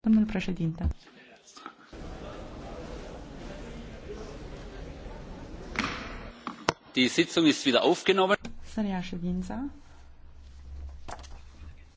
Domnul președinte. Die Sitzung ist wieder aufgenommen. Să reia ședința.